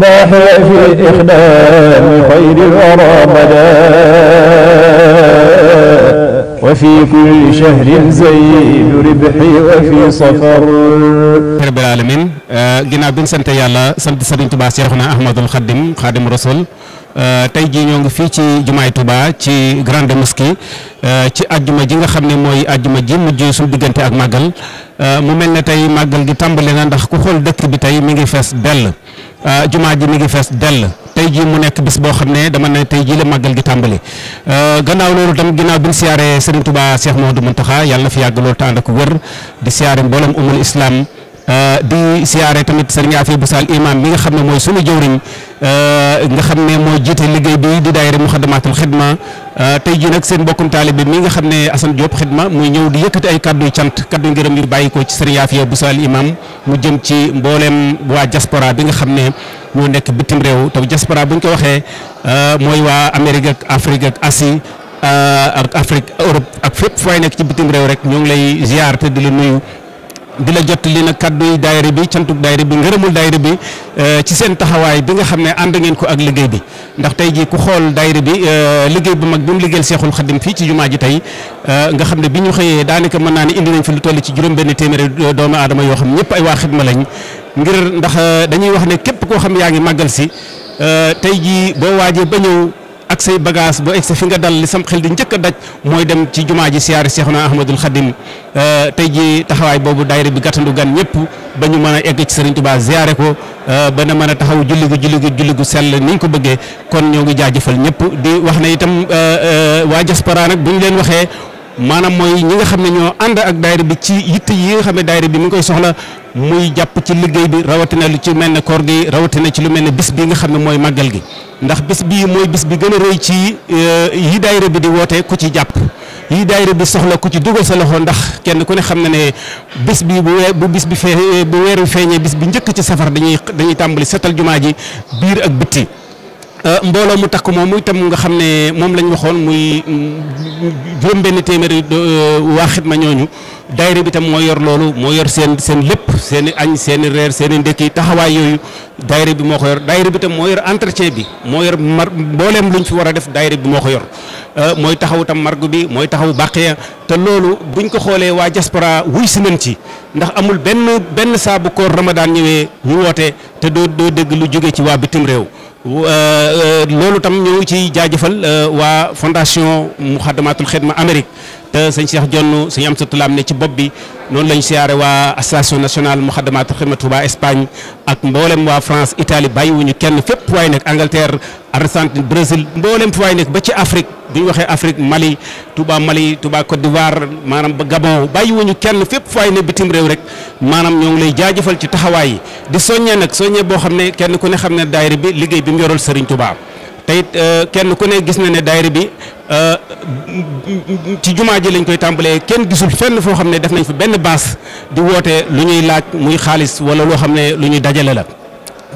الصباح في إخدام خير الورى بدا وفي كل شهر زيد ربحي وفي صفر رب العالمين sant yàlla sant Sëriñ Tuubaa Seexuna Ahmadul Xadim Xadim Rasul tey jii ñoo ngi fii ci jumaay Touba ci grande mosquée ci ajjuma ji nga xam ne mooy ajjuma ji mujj suñu diggante ak màggal mu mel ne tey màggal gi tàmbale na ndax ku xool dëkk bi tey mi ngi fees dell Euh, jumaa ji mi ngi fees dell tey jii mu nekk bis boo xam ne dama ne tey jii la màggal di tàmbali euh, gannaaw loolu tam ginnaaw bi ñu siyaaree Serigne Touba Cheikh Mouhamadou Mountakha yàlla na fi yàgg loolu te ànd ak wër di siyaare mbooloom umul islam. Euh, di siyaare tamit sëriñ Afia Busaal imam mi nga xam ne mooy sunu jëwriñ euh, nga xam ne mooy jiite liggéey bi di daayira Muxaddamaatul Xidma euh, tey jii nag seen mbokkum taalibe mi nga xam ne Assane Diop Xidma muy ñëw di yëkkati ay kaddu yu cant kaddu ngërëm yu bàyyi ko ci sëriñ Afia Busaal imam mu jëm ci mbooleem waa diaspora bi nga xam ne ñoo nekk bitim réew te diaspora bu ñu ko waxee mooy waa Amérique ak Afrique ak Asie ak Afrique Europe ak fépp fooy nekk ci bitim di la jot li nag kàdduy daayira bi cantuk daayira euh, bi nga xam ne ànd ngeen ko ak liggéey bi ndax tey jii ku xool daayira bi euh, liggéey bu mag bi mu liggéeyal Seexul Xadim fii ci jumaa ji tey euh, nga xam ne bi ñu xëyee daanaka mën naa ne indi nañ fi lu toll ci juróom-benn téeméeri doomu aadama yoo xam ñëpp ay waa xidma lañ ngir ndax dañuy wax ne képp koo xam yaa ngi màggal si tey jii boo waajee ba ñëw ak say bagage boo egsi fi nga dal li sam xel di njëkk a daj mooy dem ci jumaa ji siyaari Seexuna Ahmadul Xadim euh, tey ji taxawaay boobu daayira bi gàttandu gan ñëpp ba ñu mën a egg ci Serigne Touba ko euh, ba na mën a taxaw julli gu julli gu julli gu sell ni ñu ko bëggee kon ñoo ngi jaajëfal ñëpp di wax ne itam euh, waa diaspora nag bu ñu leen waxee maanaam mooy ñi nga xam ne ñoo ànd ak dayre bi ci yitte yi nga xam ne daayira bi mi ngi koy soxla muy jàpp ci liggéey bi rawatina lu ci mel ne koor gi rawatina ci lu mel ne bis bi nga xam ne mooy màggal gi ndax bis bi mooy bis bi gën a rëy ci euh, yi daayira bi di woote ku ci jàpp yi daayira bi soxla ku ci dugal sa loxo ndax kenn ku ne xam ne ne bis bi bu bu bis bi fee bu weeru feeñee bis bi njëkk ci safar dañuy dañuy tàmbali setal jumaa ji biir ak bitti Euh, mbooloo mu takk moom itam nga xam ne moom lañ waxoon muy mm, juróom benn téeméeri euh, waa xidma ñooñu daayira bi tam moo yor loolu moo yor seen seen lépp seen añ seen reer seen i ndekki taxawaay yooyu daayira bi moo ko yor daayira bi tam moo yor entretien bi moo yor mar mbooleem luñ fi war a def daayira bi moo ko yor euh, mooy taxaw tam margu bi mooy taxaw bàqiya te loolu buñ ko xoolee waa diaspora wuy si nañ ci ndax amul benn benn saabu koor ramadan ñëwee ñu wootee te doo doo dégg lu jóge ci waa bitim réew Euh, euh, loolu tam ñëw ci jaajëfal euh, waa fondation Muxaddamatul Xidma Amérique te sëñ Cheikh Jonn sëñ Amsatu Lam ne ci bopp bi noonu la ñu siyaare waa association nationale Muxaddamatul Xidma Touba Espagne ak mboolem waa France Italie bàyyiwuñu kenn fépp fu waay nekk Angleterre Argentine Brésil mboolem fu waay nekk ba ci Afrique. bu ñu waxee Afrique Mali Touba Mali Touba Côte d'Ivoire maanaam ba Gabon bàyyiwuñu kenn fépp fay ne bitim réew rek maanaam ñoo lay jaajëfal ci taxawaay yi di soññee nag soññee boo xam ne kenn ku ne xam ne daayira bi liggéey bi mu yoral Serigne Touba tey it euh, kenn ku ne gis na ne daayira bi euh, ci jumaa ji lañ koy tàmbalee kenn gisul fenn foo xam ne def nañ fi benn baas di woote lu ñuy laaj muy xaalis wala loo xam ne lu ñuy dajale la.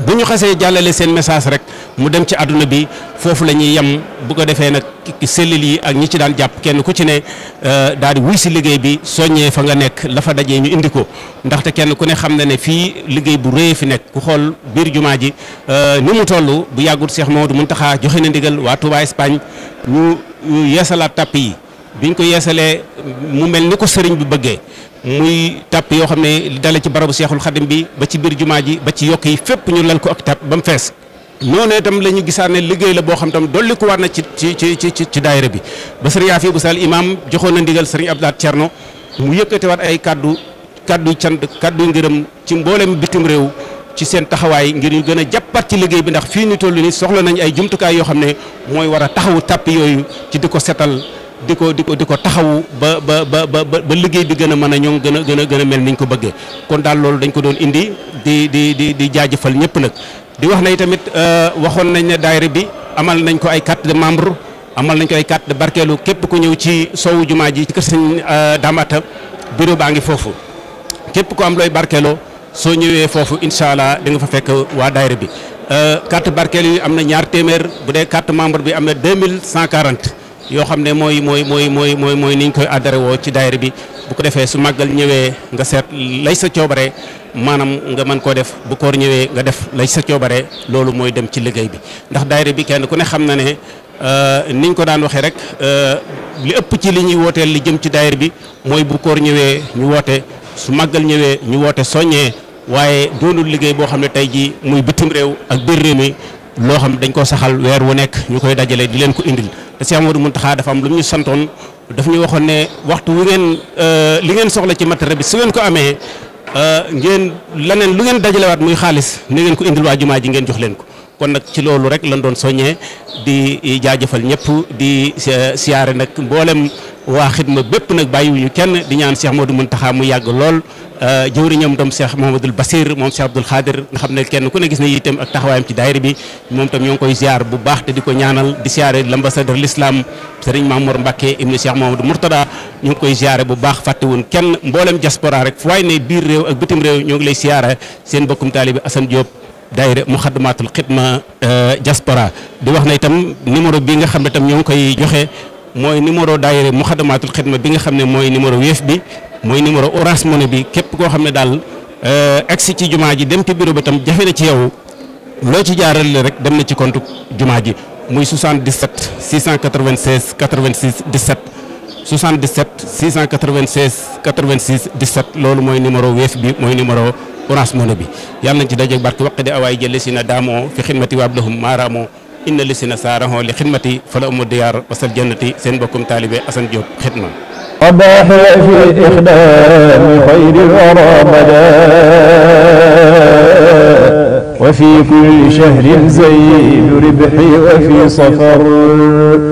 bu ñu xasee jàllale seen message rek mu dem ci àdduna bi foofu la ñuy yem bu ko defee nag cellules yi ak ñi ci daan jàpp kenn ku ci ne euh, daal di wuy si liggéey bi soññee fa nga nekk la daje ñu indi ko ndaxte kenn ku ne xam na ne fii liggéey bu rëy fi nekk ku xool biir jumaa ji euh, ni mu toll bu yàggut Cheikh Mamadou Mountakha joxe na ndigal waa Touba Espagne ñu yeesalaat tàpp yi bi biñ ko yeesalee mu mel ni ko sëriñ bi bëggee muy tàpp yoo xam ne dale ci barabu seexul xadim bi ba ci biir jumaa ji ba ci yokk yi fépp ñu lal ko ak tàpp ba mu fees noonu itam la ñu gisaa ne liggéey la boo xam tam dolli ko war na ci ci ci ci daayira bi ba sëriñ Afi bu Sall imaam joxoon na ndigal sëriñ Abdoulaye Thierno mu waat ay kaddu kaddu cant kaddu ngërëm ci mboolem bitim réew ci seen taxawaay ngir ñu gën a jàppaat ci liggéey bi ndax fii ñu toll nii soxla nañ ay jumtukaay yoo xam ne mooy war a taxawu tàpp yooyu ci di ko setal di ko di ko di ko taxawu ba ba ba ba ba liggéey bi gën a mën a ñoom gën a gën a gën a mel niñ ko bëggee kon daal loolu dañ ko doon indi di di di di jaajëfal ñëpp nag di wax na itamit euh, waxoon nañ ne daayira bi amal nañ ko ay carte de membre amal nañ ko ay carte barkeelu képp ku ñëw ci soowu jumaa ji ci kër sëñ euh, Damata bureau baa ngi foofu képp ku am looy barkeeloo soo ñëwee foofu incha allah di nga fa fekk waa daayira bi carte euh, barkeel yi am na ñaar téeméer bu dee carte membre bi am na deux mille cent quarante yoo xam ne mooy mooy mooy mooy mooy mooy niñ koy adhéré woo ci daayira bi bu ko defee su màggal ñëwee nga seet lay sa coobare maanaam nga mën koo def bu koor ñëwee nga def lay sa coobare loolu mooy dem ci liggéey bi ndax daayira bi kenn ku ne xam na ne euh, niñ ko daan waxee rek euh, li ëpp ci li ñuy wooteel li jëm ci daayira bi mooy bu koor ñëwee ñu woote su màggal ñëwee ñu woote soññee waaye doonul liggéey boo xam ne tey jii muy bitim réew ak biir réew mi loo xam dañ ko saxal weer wu nekk ñu koy dajale di leen ko indil te Cheikh Amadou Mountakha dafa am lu ñu santoon daf ñu waxoon ne waxtu wu ngeen euh, li ngeen soxla ci matériel bi su ngeen ko amee euh, ngeen neen lu ngeen dajalewaat muy xaalis ni ngeen ko indil waa jumaa ji ngeen jox leen ko kon nag ci loolu rek lan doon soññee di jaajafal ñëpp di euh, siyaare nag mboolem waa xidma bépp nag bàyyiwuñu kenn di ñaan Cheikh Modou Mountakha mu yàgg lool euh, jëwriñam tam Cheikh Mouhamadoul Basir moom Cheikh Abdoul Khadir nga xam ne kenn ku ne gis na itam ak taxawaayam ci daayira bi moom tam ñoo ngi koy ziar bu baax te di ko ñaanal di ziare l'ambassadeur l'islam Serigne Mamour Mbacké ibnu Cheikh Mouhamadou Mourtada ñu ngi koy ziare bu baax fàttewuñ kenn mboolem diaspora rek fu waay ne biir réew ak bitim réew ñoo ngi lay ziare seen bokkum taalibi Assane Diop daayira Muxaddamatul Xidma euh, diaspora di wax na itam numéro bi nga xam ne tam ñoo ngi koy joxe mooy numéro daayira Muxaddamaatul Xidma bi nga xam ne mooy numéro Wave bi mooy numéro Orange Money bi képp koo xam ne daal agsi euh, ci jumaa ji dem ci bureau ba tam jafe na ci yow loo ci jaarale rek dem na ci compte jumaa ji muy 77 696 86 17 77 loolu mooy numéro Wave bi mooy numéro Orange Money bi yàlla nañ ci dajeeg barke waqti awaay jële si na daamoo fi xidmati waab lahum maaraamoo inna li si na saaraxoo li xidmati fala umu diyaar wasal jannati seen bokkum taalibe Assane Diop xidma abaaxee fi ixdaami xayril wara badaa wa fi kulli shahrin zaydu ribxi wa fi safar